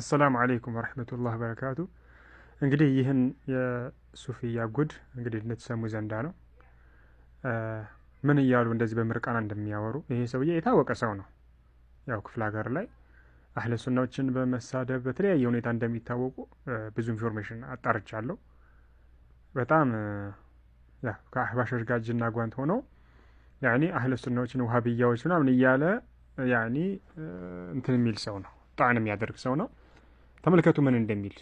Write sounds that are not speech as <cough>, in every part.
አሰላሙ አለይኩም ወረሕመቱላህ በረካቱ። እንግዲህ ይህን የሱፍያ ጉድ እንግዲህ እንድትሰሙ ዘንዳ ነው። ምን እያሉ እንደዚህ በምርቃና እንደሚያወሩ ይሄ ሰውዬ የታወቀ ሰው ነው። ያው ክፍለ ሀገር ላይ አህለ ሱናዎችን በመሳደብ በተለያየ ሁኔታ እንደሚታወቁ ብዙ ኢንፎርሜሽን አጣርቻለሁ። በጣም ከአህባሾች ጋር እጅና ጓንት ሆኖ ያኒ አህለ ሱናዎችን ውሀብያዎች ምናምን እያለ ያኒ እንትን የሚል ሰው ነው። ጣን የሚያደርግ ሰው ነው። ተመልከቱ ምን እንደሚል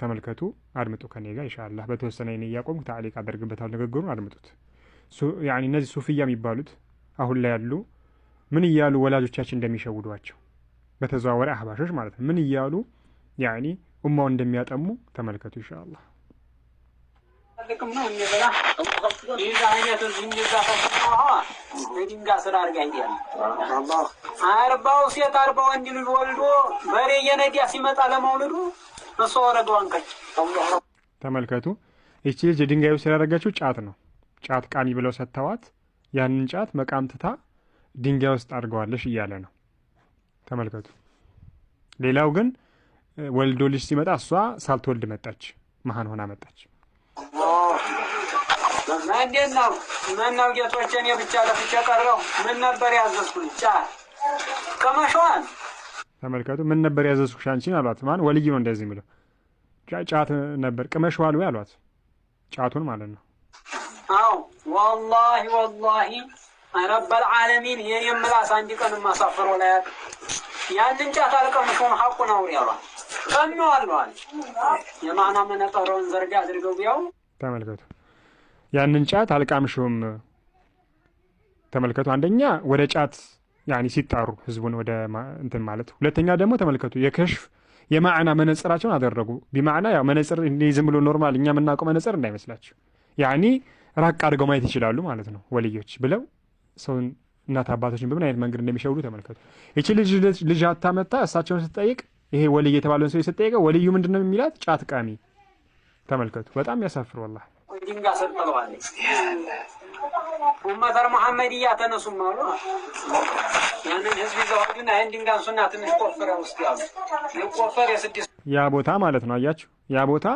ተመልከቱ፣ አድምጡ። ከኔ ጋር ኢንሻአላህ በተወሰነ ይኔ እያቆምኩ ታዕሊቅ አደርግበታል። ንግግሩን አድምጡት። እነዚህ ሱፍያ የሚባሉት አሁን ላይ ያሉ ምን እያሉ ወላጆቻችን እንደሚሸውዷቸው በተዘዋወረ አህባሾች ማለት ነው። ምን እያሉ ያኒ ኡማውን እንደሚያጠሙ ተመልከቱ ኢንሻአላህ። አርባው ሴት አርባ ወንድ ልጅ ወልዶ በሬ የነዲያ ሲመጣ ለመውለዱ እሷ ወረገዋን ቀጭ ተመልከቱ። ይቺ ልጅ የድንጋዩ ስላደረገችው ጫት ነው። ጫት ቃሚ ብለው ሰጥተዋት ያንን ጫት መቃምትታ ድንጋይ ውስጥ አድርገዋለሽ እያለ ነው። ተመልከቱ። ሌላው ግን ወልዶ ልጅ ሲመጣ እሷ ሳልትወልድ መጣች፣ መሀን ሆና መጣች። እንዴት ነው? ምን ነው ጌቶቼ፣ እኔ ብቻ ለፍቼ ቀረው። ምን ነበር ያዘዝኩኝ? ጫት ቅመሿን ተመልከቱ። ምን ነበር ያዘዝኩሽ አንቺን አሏት። ማን ወልይ ነው እንደዚህ የሚለው ጫት ነበር ቅመሽ ዋሉ አሏት። ጫቱን ማለት ነው። አዎ ወላሂ ወላሂ ረበል ዓለሚን የኔም ምላስ አንድ ቀን ማሳፈሮ ላያት ያንን ጫት አልቀምሽውም ሐቁን አውሪ አሏት። ቀሚዋል ነዋል የማና መነጠረውን ዘርጋ አድርገው ቢያው ተመልከቱ። ያንን ጫት አልቃምሽውም ተመልከቱ። አንደኛ ወደ ጫት ያኔ ሲጣሩ ህዝቡን ወደ እንትን ማለት። ሁለተኛ ደግሞ ተመልከቱ የከሽፍ የማዕና መነጽራቸውን አደረጉ። ቢማዕና ያው መነጽር ዝም ብሎ ኖርማል እኛ የምናውቀው መነጽር እንዳይመስላችሁ ያኒ ራቅ አድርገው ማየት ይችላሉ ማለት ነው ወልዮች ብለው ሰውን እናት አባቶችን በምን አይነት መንገድ እንደሚሸውዱ ተመልከቱ። ይቺ ልጅ ልጅ አታመታ እሳቸውን ስትጠይቅ ይሄ ወልይ የተባለውን ሰው ስጠይቀ ወልዩ ምንድን ነው የሚላት? ጫት ቃሚ። ተመልከቱ። በጣም ያሳፍር ሰጠለዋለ ኡመተር ሙሐመድያ ተነሱም አሉ። ያንን ህዝብ ይዘው ሂዱና ይህን ትንሽ ቆፍረው ውስጥ ያሉ ይቆፈር የስድስት ያ ቦታ ማለት ነው። አያችሁ፣ ያ ቦታ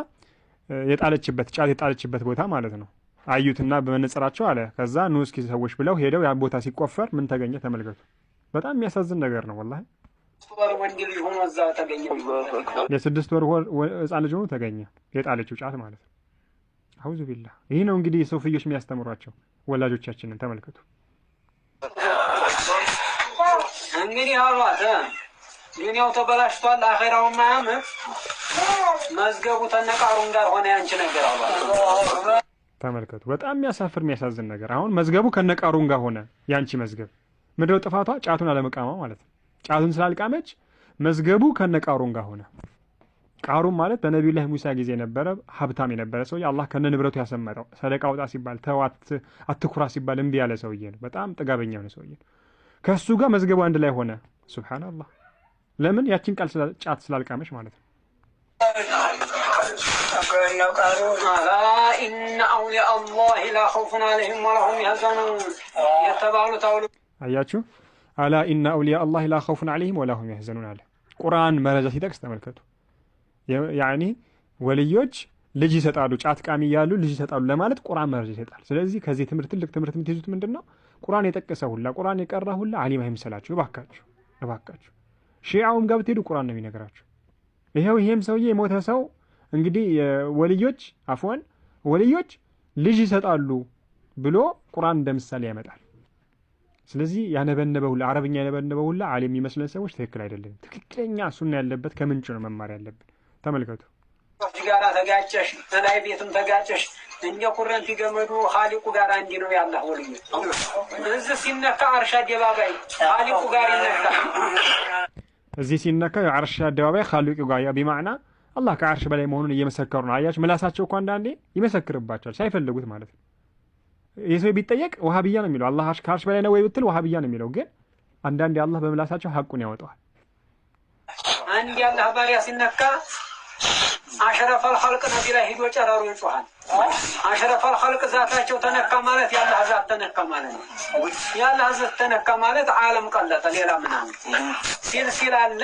የጣለችበት ጫት የጣለችበት ቦታ ማለት ነው። አዩትና በመነጽራቸው አለ። ከዛ ኑ እስኪ ሰዎች ብለው ሄደው ያ ቦታ ሲቆፈር ምን ተገኘ ተመልከቱ። በጣም የሚያሳዝን ነገር ነው ወላሂ። የስድስት ወር ህፃን ልጅ ሆኖ ተገኘ የጣለችው ጫት ማለት ነው። አውዙ ቢላ ይህ ነው እንግዲህ ሰውፍዮች የሚያስተምሯቸው ወላጆቻችንን ተመልከቱ። እንግዲህ አሏት ዱኒያው ተበላሽቷል፣ አኼራው ማያም መዝገቡ ተነቃሩን ጋር ሆነ ያንቺ ነገር አሏት። ተመልከቱ። በጣም የሚያሳፍር የሚያሳዝን ነገር። አሁን መዝገቡ ከነቃሩን ጋር ሆነ ያንቺ መዝገብ። ምንድነው ጥፋቷ? ጫቱን አለመቃማ ማለት ነው። ጫቱን ስላልቃመች መዝገቡ ከነቃሩን ጋር ሆነ። ቃሩን ማለት በነቢዩላህ ሙሳ ጊዜ የነበረ ሀብታም የነበረ ሰውዬ አላህ ከነ ንብረቱ ያሰመጠው ሰደቃ ውጣ ሲባል ተው አትኩራ ሲባል እምቢ ያለ ሰውዬ ነው። በጣም ጥጋበኛ የሆነ ሰውዬ ነው። ከእሱ ጋር መዝገቡ አንድ ላይ ሆነ። ሱብሃነላህ። ለምን ያችን ቃል ጫት ስላልቃመች ማለት ነው። አያችሁ አላ ኢነ አውሊያ አላህ ላ ኸውፉን ዐለይሂም ወላሁም ያህዘኑን አለ ቁርአን መረጃ ሲጠቅስ ተመልከቱ። ያኒ ወልዮች ልጅ ይሰጣሉ፣ ጫት ቃሚ እያሉ ልጅ ይሰጣሉ ለማለት ቁርአን መረጃ ይሰጣል። ስለዚህ ከዚህ ትምህርት ትልቅ ትምህርት የምትይዙት ምንድን ነው? ቁርአን የጠቀሰ ሁላ ቁርአን የቀራ ሁላ አሊም አይምሰላችሁ። እባካችሁ እባካችሁ፣ ሺአውም ጋር ብትሄዱ ቁርአን ነው የሚነግራችሁ። ይኸው ይሄም ሰውዬ የሞተ ሰው እንግዲህ ወልዮች አፍወን ወልዮች ልጅ ይሰጣሉ ብሎ ቁርአን እንደ ምሳሌ ያመጣል። ስለዚህ ያነበነበ ሁላ አረብኛ ያነበነበ ሁላ አሊም የሚመስለን ሰዎች ትክክል አይደለም። ትክክለኛ ሱና ያለበት ከምንጭ ነው መማር ያለብን። ተመልከቱ። ከዚህ ጋር ተጋጨሽ፣ ተላይ ቤትም ተጋጨሽ። እኛ ኩረንቲ ገመዱ ሀሊቁ ጋር እንዲህ ነው ያለ ወልዩ እዚህ ሲነካ አርሻ አደባባይ ኻሊቁ ጋር ይነካ። እዚህ ሲነካ የአርሻ አደባባይ ሀሊቁ ጋር ቢማዕና አላህ ከአርሽ በላይ መሆኑን እየመሰከሩ ነው። አያችሁ ምላሳቸው እኮ አንዳንዴ ይመሰክርባቸዋል ሳይፈልጉት ማለት ነው። ይህ ሰው ቢጠየቅ ውሃብያ ነው የሚለው አላህ ከአርሽ በላይ ነው ወይ ብትል ውሃብያ ነው የሚለው ግን አንዳንዴ አላህ በምላሳቸው ሀቁን ያወጣዋል። አንድ ያለ ባሪያ ሲነካ አሸረፈል ኸልቅ ነቢ ላይ ሂዶ ጨረሩ ይጮሃል። አሸረፈል ኸልቅ ዛታቸው ተነካ ማለት ያለ ዛት ተነካ ማለት ነው። ያለ ዛት ተነካ ማለት ዓለም ቀለጠ። ሌላ ምናምን ሲል አለ።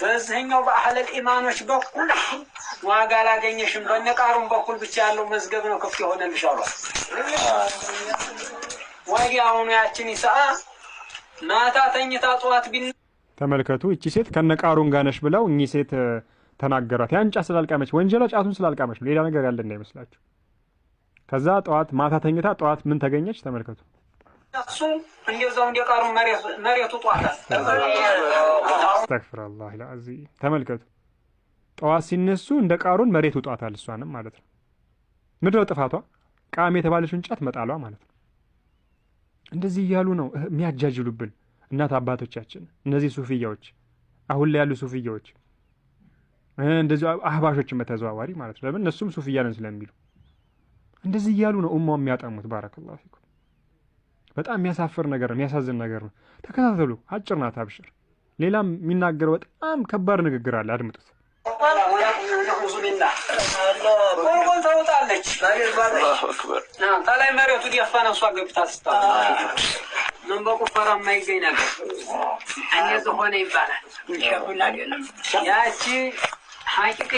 በዚህኛው በአህለል ኢማኖች በኩል ዋጋ አላገኘሽም። በነቃሩም በኩል ብቻ ያለው መዝገብ ነው ክፍት የሆነልሽ አሏል። አሁኑ ያችን ይስአ ማታ ተኝታ ጠዋት ቢና ተመልከቱ። እቺ ሴት ከነቃሩን ጋነሽ ብለው እኚህ ሴት ተናገሯት። ያን ጫት ስላልቃመች ወንጀሏ ጫቱን ስላልቃመች ነው። ሌላ ነገር ያለ እንዳይመስላችሁ። ከዛ ጠዋት ማታ ተኝታ ጠዋት ምን ተገኘች ተመልከቱ። እሱ ተመልከቱ። ጠዋት ሲነሱ እንደ ቃሩን መሬት ጧታል። እሷንም ማለት ነው። ምድረው ጥፋቷ ቃም የተባለችውን ጫት መጣሏ ማለት ነው። እንደዚህ እያሉ ነው የሚያጃጅሉብን እናት አባቶቻችን እነዚህ ሱፍያዎች፣ አሁን ላይ ያሉ ሱፍያዎች እንደዚ አህባሾችን በተዘዋዋሪ ማለት ነው። ለምን እነሱም ሱፍያ ነን ስለሚሉ እንደዚህ እያሉ ነው እማ የሚያጠሙት። ባረከላሁ ፊኩም። በጣም የሚያሳፍር ነገር ነው፣ የሚያሳዝን ነገር ነው። ተከታተሉ፣ አጭር ናት። አብሽር። ሌላም የሚናገረው በጣም ከባድ ንግግር አለ፣ አድምጡት። ተውጣለች ከላይ መሬቱ ደፋ ነው እሷ ገብታ ስታ ምን በቁፈራ የማይገኝ ነገር እኔ ዝሆነ ይባላል ያቺ ሀቂቅ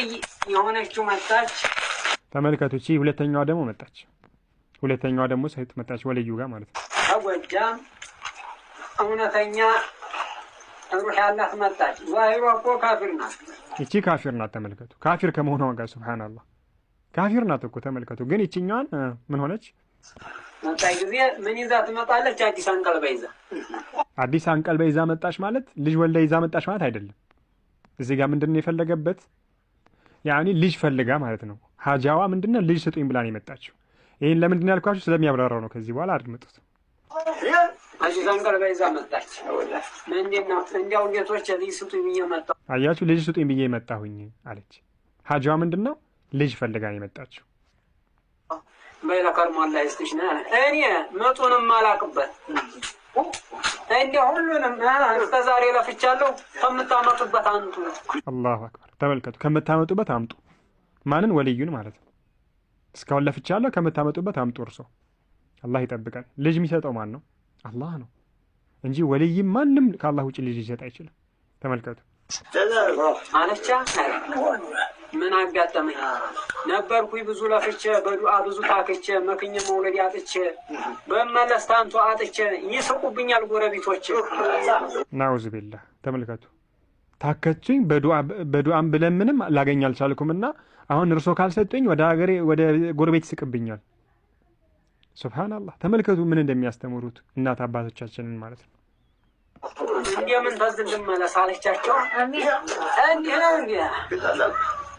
የሆነችው መጣች። ተመልከቶች ሁለተኛዋ ደግሞ መጣች። ሁለተኛዋ ደግሞ ሴት መጣች፣ ወለዩ ጋር ማለት ነው። ከጎጃም እውነተኛ ሩህ ያላት መጣች። ዛሂሯ እኮ ካፊር ናት። እቺ ካፊር ናት። ተመልከቱ፣ ካፊር ከመሆኗ ጋር ሱብሃናላህ፣ ካፊር ናት እኮ ተመልከቱ። ግን ይችኛዋን ምን ሆነች? መጣች ጊዜ ምን ይዛ ትመጣለች? አዲስ አንቀልበ ይዛ አዲስ አንቀልበ ይዛ መጣች ማለት ልጅ ወልዳ ይዛ መጣች ማለት አይደለም። እዚህ ጋር ምንድን ነው የፈለገበት? ያኒ ልጅ ፈልጋ ማለት ነው። ሀጃዋ ምንድነው ልጅ ስጡኝ ብላ ነው የመጣችው። ይህን ለምንድን ያልኳችሁ ስለሚያብራራው ነው። ከዚህ በኋላ አድምጡት። አያችሁ ልጅ ስጡኝ ብዬ መጣሁኝ አለች። ሀጃዋ ምንድነው ልጅ ፈልጋ ነው የመጣችው። በይላ ከርሞ ይስጥሽ እኔ መጡንም አላቅበት እንዲህ ሁሉንም እስከ ዛሬ ለፍቻለሁ። ከምታመጡበት አምጡ። አላሁ አክበር። ተመልከቱ፣ ከምታመጡበት አምጡ። ማንን? ወልዩን ማለት ነው። እስካሁን ለፍቻለሁ፣ ከምታመጡበት አምጡ። እርሶ አላህ ይጠብቃል። ልጅ የሚሰጠው ማን ነው? አላህ ነው እንጂ ወልይም ማንም ከአላህ ውጭ ልጅ ሊሰጥ አይችልም። ተመልከቱ። ምን አጋጠመኝ ነበርኩኝ ብዙ ለፍቼ በዱዓ ብዙ ታክቼ መክኝ መውለድ አጥቼ በመለስ ታንቶ አጥቼ ይስቁብኛል ጎረቤቶች። ናዑዝ ቢላ ተመልከቱ። ታከችኝ በዱዓም ብለን ምንም ላገኝ አልቻልኩም እና አሁን እርሶ ካልሰጡኝ ወደ ሀገሬ ወደ ጎረቤት ይስቅብኛል። ሱብሃነላህ ተመልከቱ ምን እንደሚያስተምሩት እናት አባቶቻችንን ማለት ነው። እንዲምን በዚህ አለቻቸው አለቻቸው።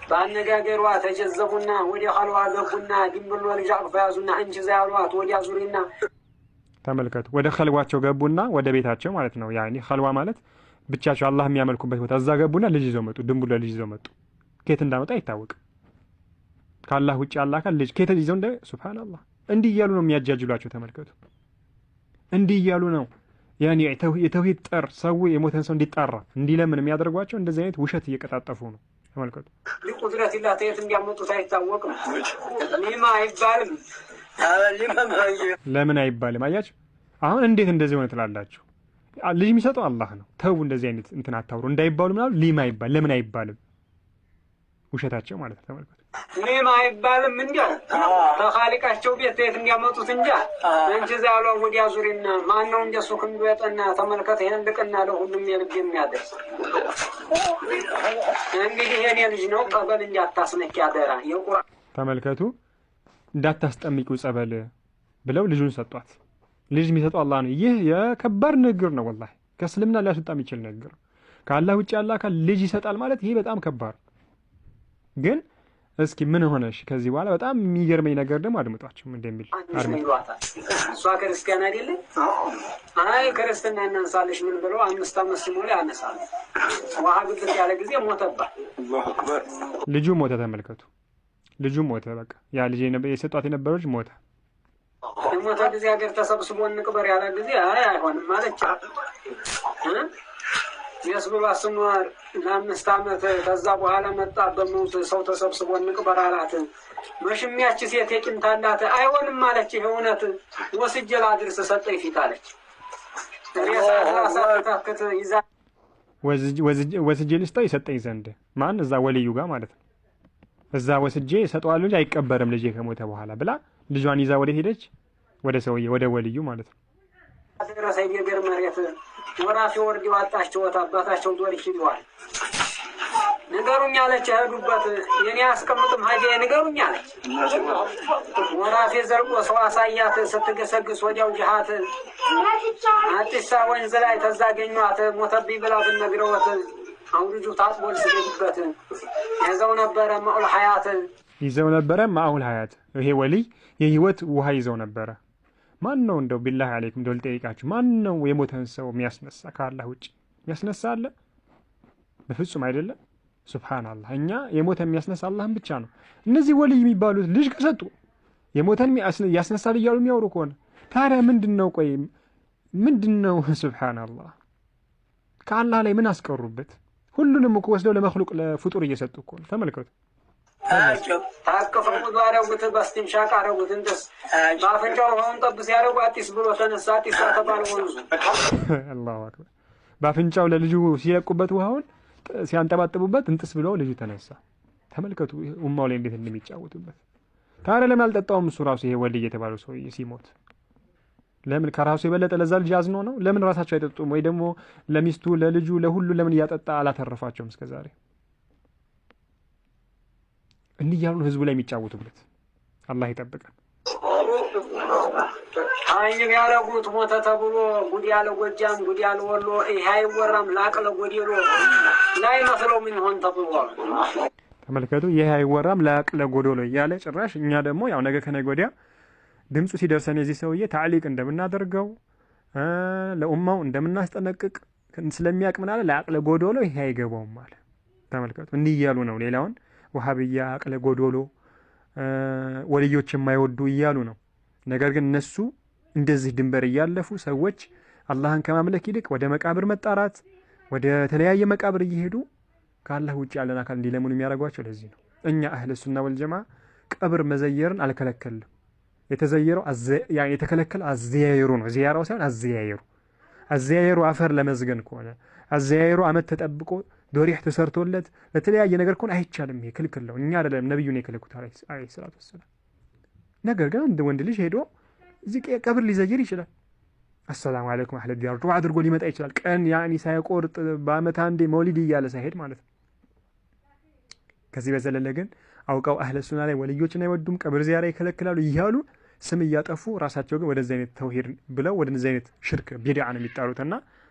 በአነጋገሯ ተጀዘፉና ወደ ኋላዋ ገቡና ድንብሎ ልጅ አቅፋ ያዙና እንጂ እዛ ያሏት ወዲያ ዙሪና ተመልከቱ። ወደ ከልዋቸው ገቡና ወደ ቤታቸው ማለት ነው። ያኔ ከልዋ ማለት ብቻቸው አላህ የሚያመልኩበት ቦታ። እዛ ገቡና ልጅ ይዘው መጡ። ድንብሎ ልጅ ይዘው መጡ። ኬት እንዳመጣ አይታወቅም። ከአላህ ውጭ ያለ ልጅ ኬት ይዘው እንደ ሱብሃነላህ። እንዲህ እያሉ ነው የሚያጃጅሏቸው። ተመልከቱ፣ እንዲህ እያሉ ነው ያን የተውሂድ ጠር ሰው የሞተን ሰው እንዲጣራ እንዲለምን የሚያደርጓቸው። እንደዚህ አይነት ውሸት እየቀጣጠፉ ነው። ተመልከቱ። ሊቁ ላ ተየት እንዲያመጡት አይታወቅም። ሊማ አይባልም። ለምን አይባልም? አያችሁ አሁን እንዴት እንደዚህ ሆነ ትላላችሁ። ልጅ የሚሰጠው አላህ ነው። ተው እንደዚህ አይነት እንትን አታውሩ እንዳይባሉ ምናምን ሊማ አይባል ለምን አይባልም? ውሸታቸው ማለት ነው። ተመልከቱ ሊማ አይባልም። እንዲ ተካሊቃቸው ቤት ተየት እንዲያመጡት እንጃ እንጂ ያሏ ወዲያ ዙሪና ማን ነው እንደሱ ክንዱ የጠና ተመልከት። ይህን ልቅና ለሁሉም የልብ የሚያደርስ እንግዲህ የኔ ልጅ ነው ጠበል እንዳታስነኪ አደራ። የቁራ ተመልከቱ፣ እንዳታስጠምቂው ጸበል ብለው ልጁን ሰጧት። ልጅ የሚሰጡ አላህ ነው። ይህ የከባድ ንግግር ነው። ወላሂ ከእስልምና ሊያስወጣ የሚችል ንግግር ከአላህ ውጭ ያለ አካል ልጅ ይሰጣል ማለት ይህ በጣም ከባድ ግን እስኪ ምን ሆነሽ ከዚህ በኋላ በጣም የሚገርመኝ ነገር ደግሞ አድምጧቸው እንደሚል እሷ ክርስቲያን አይደለ አይ ክርስትና እናንሳለች ምን ብለው አምስት አመት ስሞ ላይ አነሳለ ውሃ ግጥት ያለ ጊዜ ሞተባል ልጁ ሞተ ተመልከቱ ልጁ ሞተ በቃ ያ ልጅ የሰጧት የነበረች ሞተ ሞተ ጊዜ ሀገር ተሰብስቦ እንቅበር ያለ ጊዜ አይ አይሆንም ማለች የህዝብ ስምር ለአምስት ዓመት ከዛ በኋላ መጣ በምኑት ሰው ተሰብስቦ እንቅበር አላት። መሽም ያች ሴት የቂምታላት አላት። አይሆንም አለች። ይህ እውነት ወስጄ ላድርስ ሰጠኝ ፊት አለች። ሳሳታክት ይዛ ወስጄ ልስጠው ይሰጠኝ ዘንድ ማን እዛ ወልዩ ጋር ማለት ነው። እዛ ወስጄ የሰጠዋል ልጅ አይቀበርም ልጄ ከሞተ በኋላ ብላ ልጇን ይዛ ወዴት ሄደች? ወደ ሰውዬ ወደ ወልዩ ማለት ነው። ደረሰ የገር መሬት ወራሴ ወርድ የዋጣቸው ወት አባታቸው ዞር ይችለዋል። ንገሩኝ አለች። እህዱበት የኔ አስቀምጥም ሀጄ ንገሩኝ አለች። ወራፌ ዘርቆ ሰው አሳያት። ስትገሰግስ ወዲያው ጅሃት አጢሳ ወንዝ ላይ ተዛገኟት። ሞተብኝ ብላ ብነግረወት አውርጁ ታጥቦ ልስገዱበት ይዘው ነበረ ማኡል ሀያት ይዘው ነበረ ማኡል ሀያት ይሄ ወልይ የህይወት ውሃ ይዘው ነበረ ማን ነው እንደው ቢላህ አሌይኩም እንደው ልጠይቃችሁ፣ ማን ነው የሞተን ሰው የሚያስነሳ ከአላህ ውጭ የሚያስነሳ አለ? በፍጹም አይደለም። ሱብሃናላህ እኛ የሞተን የሚያስነሳ አላህን ብቻ ነው። እነዚህ ወልይ የሚባሉት ልጅ ከሰጡ የሞተን ያስነሳል እያሉ የሚያወሩ ከሆነ ታዲያ ምንድን ነው? ቆይ ምንድን ነው? <laughs> ሱብሃናላህ ከአላህ ላይ ምን አስቀሩበት? ሁሉንም እኮ ወስደው ለመክሉቅ ለፍጡር እየሰጡ እኮ ነው። ተመልከቱ። ታቀፈው ለልጁ ሲለቁበት ውሃውን ሲያንጠባጥቡበት እንጥስ ብሎ ልጁ ተነሳ። ተመልከቱ ኡማው ላይ እንዴት እንደሚጫወቱበት። ታዲያ ለምን አልጠጣውም? እሱ ራሱ ይሄ ወልድ የተባለው ሰው ሲሞት ለምን ከራሱ የበለጠ ለዛ ልጅ አዝኖ ነው? ለምን ራሳቸው አይጠጡም? ወይ ደግሞ ለሚስቱ ለልጁ ለሁሉ ለምን እያጠጣ አላተረፋቸውም እስከዛሬ? እንዲህ እያሉ ህዝቡ ላይ የሚጫወቱበት አላህ ይጠብቀን። ታኝም ያረጉት ሞተ ተብሎ ጉድ ያለ ጎጃም ጉድ ያለ ወሎ ይህ አይወራም ላቅለ ጎዴሎ ላይ መስለው ምን ይሆን ተብሎ ተመልከቱ። ይህ አይወራም ላቅለ ጎዶሎ እያለ ጭራሽ እኛ ደግሞ ያው ነገ ከነገ ወዲያ ድምፁ ሲደርሰን የዚህ ሰውዬ ታዕሊቅ እንደምናደርገው ለኡማው እንደምናስጠነቅቅ ስለሚያቅምናለ ላቅለ ጎዶሎ ይህ አይገባውም አለ። ተመልከቱ እንዲህ እያሉ ነው ሌላውን ውሃብያ፣ አቅለ ጎዶሎ፣ ወልዮች የማይወዱ እያሉ ነው። ነገር ግን እነሱ እንደዚህ ድንበር እያለፉ ሰዎች አላህን ከማምለክ ይልቅ ወደ መቃብር መጣራት፣ ወደ ተለያየ መቃብር እየሄዱ ከአላህ ውጭ ያለን አካል እንዲለሙን የሚያደርጓቸው ለዚህ ነው። እኛ አህለ ሱና ወልጀማ ቀብር መዘየርን አልከለከልም። የተዘየረው የተከለከለ አዘያየሩ ነው። ዚያራው ሳይሆን አዘያየሩ አዘያየሩ አፈር ለመዝገን ከሆነ አዘያየሩ አመት ተጠብቆ ዶሪህ ተሰርቶለት ለተለያየ ነገር ከሆነ አይቻልም። ይሄ ክልክል ነው። እኛ አይደለም ነቢዩን የከለኩት ዓለይሂ ሰላቱ ወሰላም። ነገር ግን አንድ ወንድ ልጅ ሄዶ እዚህ ቀብር ሊዘይር ይችላል። አሰላሙ አለይኩም አህለ ዲያር ዱዓ አድርጎ ሊመጣ ይችላል። ቀን ያኒ ሳይቆርጥ በአመት አንዴ መውሊድ እያለ ሳይሄድ ማለት ነው። ከዚህ በዘለለ ግን አውቀው አህለ ሱና ላይ ወልዮችን አይወዱም፣ ቀብር ዚያራ ይከለክላሉ እያሉ ስም እያጠፉ ራሳቸው ግን ወደዚህ አይነት ተውሂድ ብለው ወደዚህ አይነት ሽርክ ቢድዓ ነው የሚጣሩትና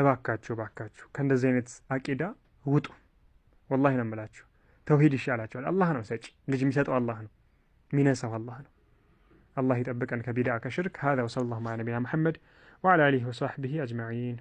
እባካችሁ እባካችሁ ከእንደዚህ አይነት አቂዳ ውጡ። ወላሂ ነው የምላችሁ። ተውሂድ ይሻላችኋል። አላህ ነው ሰጪ፣ ልጅ የሚሰጠው አላህ ነው፣ የሚነሳው አላህ ነው። አላህ ይጠብቀን ከቢድዓ ከሽርክ። ሀዛ ወሰለላሁ ዐላ ነቢና መሐመድ ወዐላ አሊሂ ወሰሕቢሂ አጅማዒን።